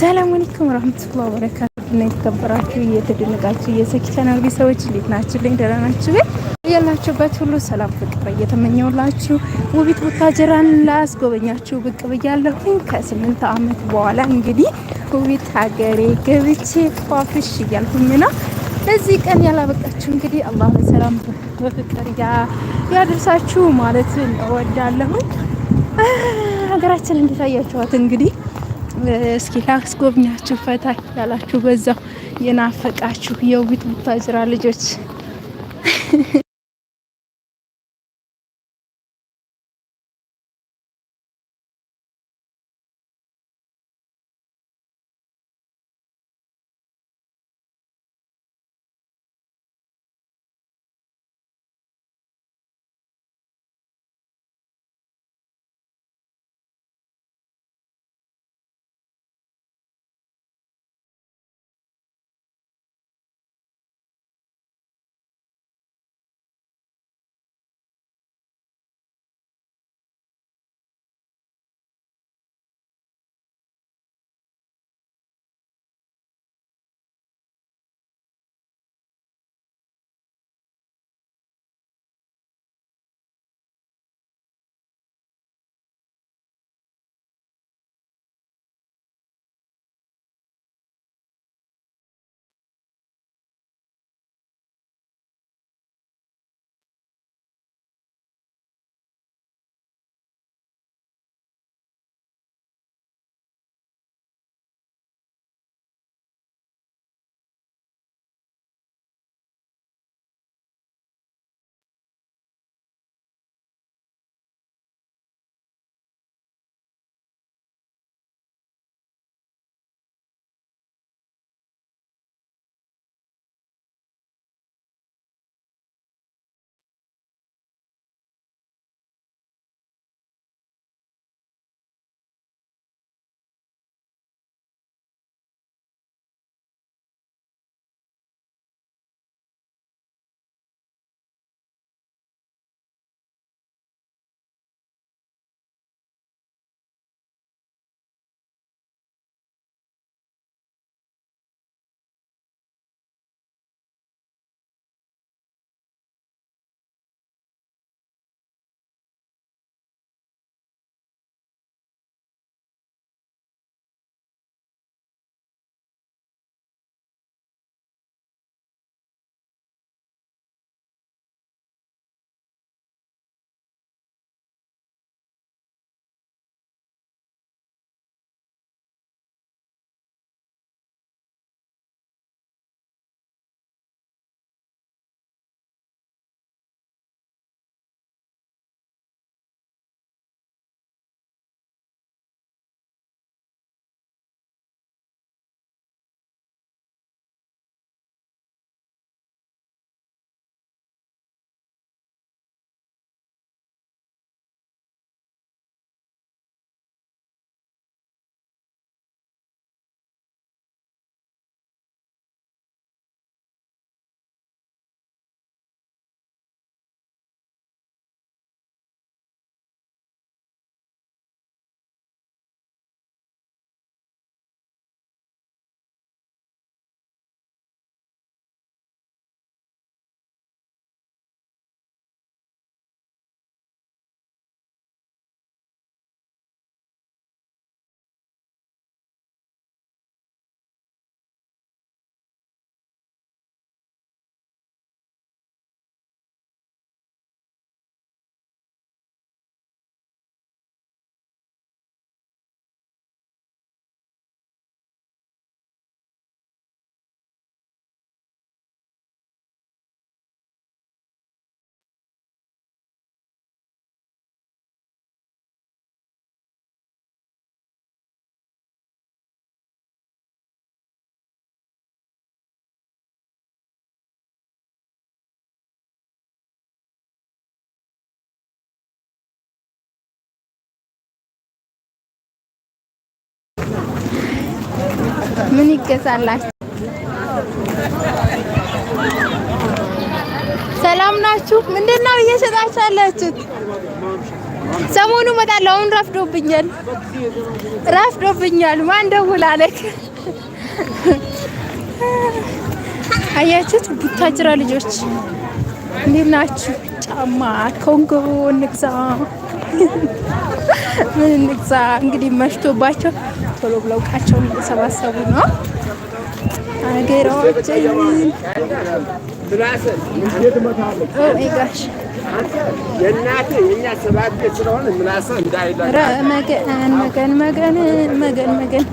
ሰላም አለይኩም ረህመቱላሂ ወበረካቱ እና የተከበራችሁ እየተደነቃችሁ የሰኪቻና ሰዎች እንዴት ናችሁ? ልኝ ደህና ናችሁ? ያላችሁበት ሁሉ ሰላም ፍቅር እየተመኘውላችሁ ውቢት ቡታጀራን ላስጎበኛችሁ ብቅ ብያለሁኝ። ከስምንት ዓመት በኋላ እንግዲህ ውቢት ሀገሬ ገብቼ ፏፍሽ እያልኩኝ ነው። እዚህ ቀን ያላበቃችሁ እንግዲህ አላህ በሰላም በፍቅር ያደርሳችሁ ማለት እወዳለሁኝ። ሀገራችን እንዴት አያችኋት እንግዲህ እስኪ ላስጎብኛችሁ ፈታ ያላችሁ በዛው የናፈቃችሁ የውቢት ቡታጅራ ልጆች ምን ይገዛላችሁ? ሰላም ናችሁ? ምንድን ነው እየሸጣችሁ ያላችሁት? ሰሞኑ እመጣለሁ። አሁን ረፍዶብኛል፣ ረፍዶብኛል። ማን ደውል አለክ? አያችሁት? ቡታጅራ ልጆች እንዴት ናችሁ? ጫማ ኮንጎ እንግዛ ምን እንግዛ እንግዲህ መሽቶባቸው ቶሎ ብለው እቃቸውን እየሰባሰቡ ነው። አገራችን መገን መገን መገን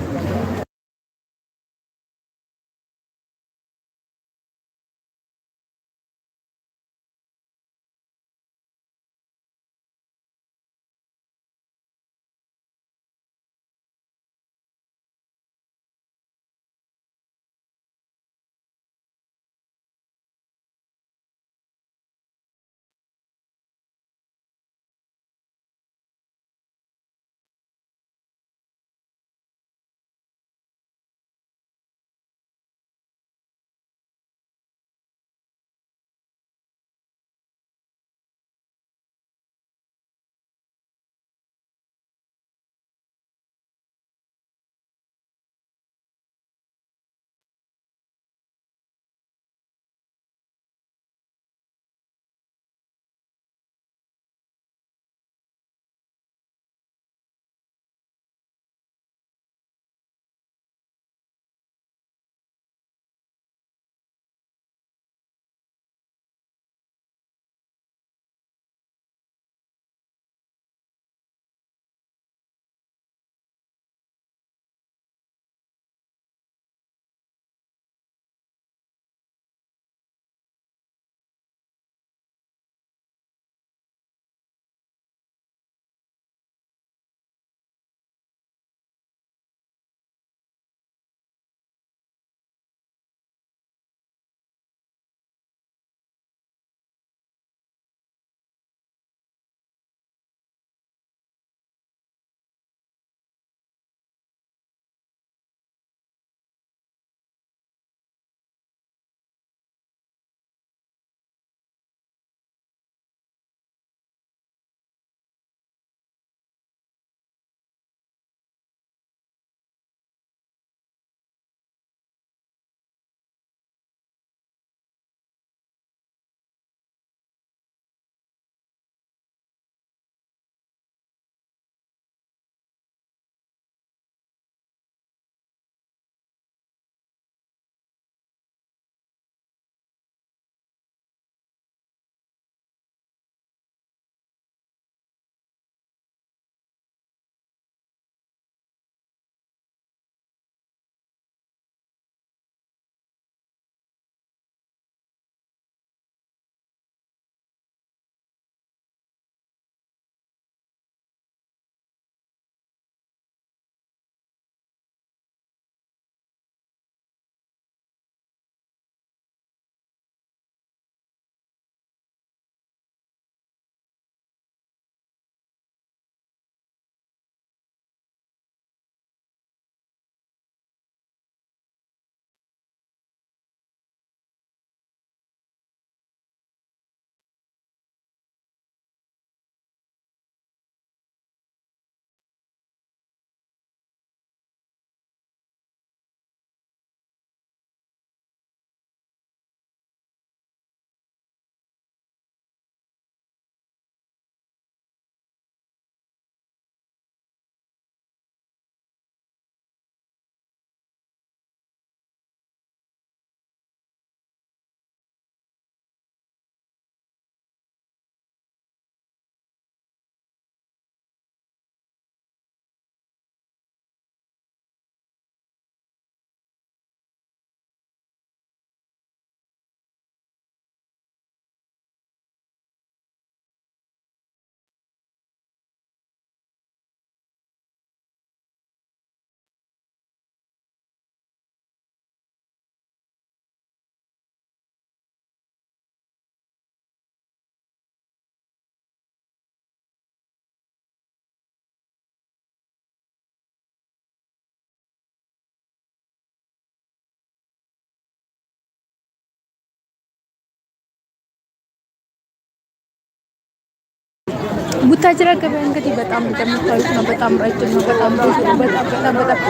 ቡታጅራ ገበያ እንግዲህ በጣም እንደምታዩት ነው። በጣም ረጅም ነው። በጣም ብዙ ነው። በጣም በጣም በጣም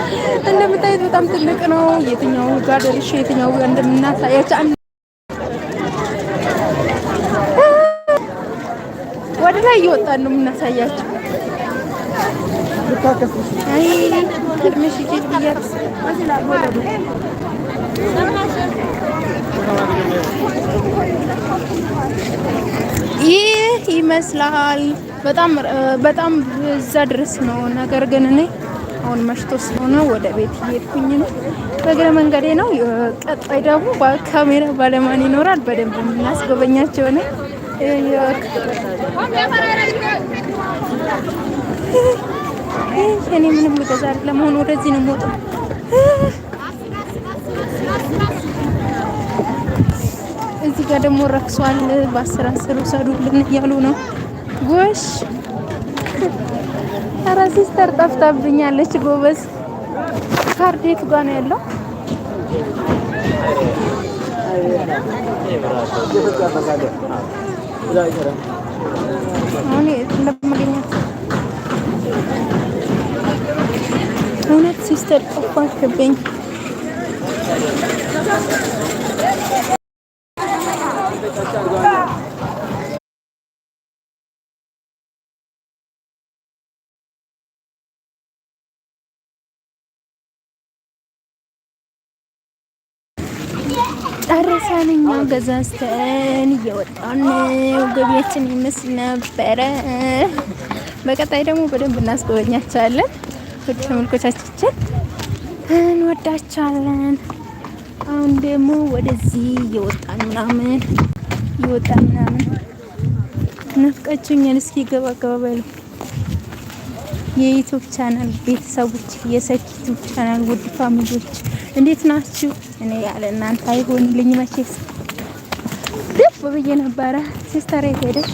እንደምታዩት በጣም ትልቅ ነው። የትኛው ጋር ደርሼ የትኛው ጋር እንደምናሳያቸው ወደ ላይ እየወጣን ነው የምናሳያቸው። ይህ ይመስላል። በጣም በጣም እዛ ድረስ ነው። ነገር ግን እኔ አሁን መሽቶ ስለሆነ ወደ ቤት እየሄድኩኝ ነው። በእግረ መንገዴ ነው። ቀጣይ ደግሞ ካሜራ ባለማን ይኖራል። በደንብ የምናስጎበኛቸው ነ እኔ ምንም ልገዛ ለመሆኑ ወደዚህ ነው የምወጣው። እዚህ ጋር ደግሞ ረክሷል። በአስር አስር ውሰዱልን እያሉ ነው። ጎሽ ኧረ ሲስተር ጠፍታብኛለች። ጎበዝ ካርድ የቱ ጋር ነው ያለው? እውነት ሲስተር ጠፋችብኝ። ጨርሰን እኛም ገዛዝተን እየወጣን ገቢያችን ይመስል ነበረ። በቀጣይ ደግሞ በደንብ እናስጎበኛቸዋለን። ውድ ተመልኮቻችን እንወዳቸዋለን። አሁን ደግሞ ወደዚህ እየወጣን ምናምን እየወጣን ምናምን ናፍቃችሁኛል። እስኪ ገባ ገባ በሉ የዩቱብ ቻናል ቤተሰቦች፣ የሰኪ ዩቱብ ቻናል ውድ ፋሚሊዎች እንዴት ናችሁ? እኔ ያለ እናንተ አይሆንልኝ መቼስ ደፍ ብዬ ነበረ። ሲስተር የት ሄደች?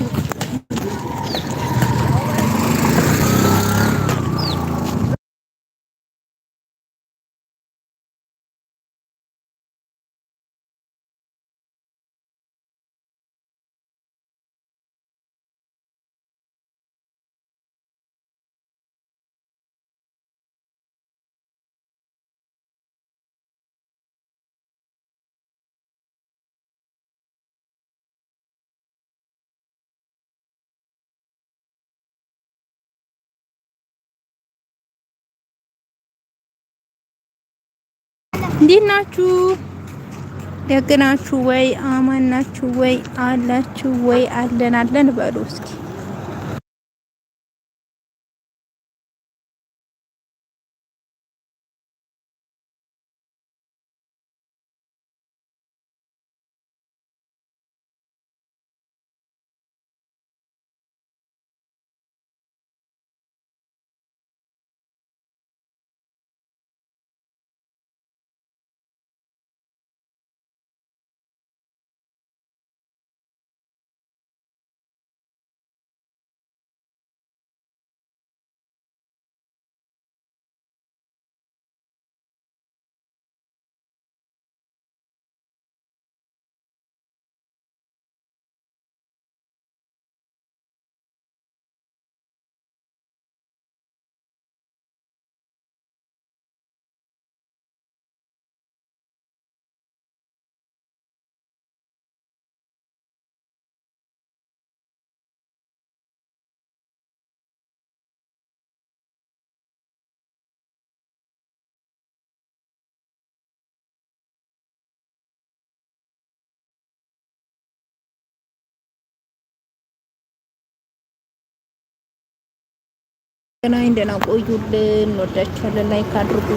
እንዴት ናችሁ? ደግናችሁ ወይ አማናችሁ ወይ አላችሁ ወይ አለን አለን በሉ እስኪ ገና እንደና ቆዩልን። እንወዳችኋለን። ላይክ አድርጉ።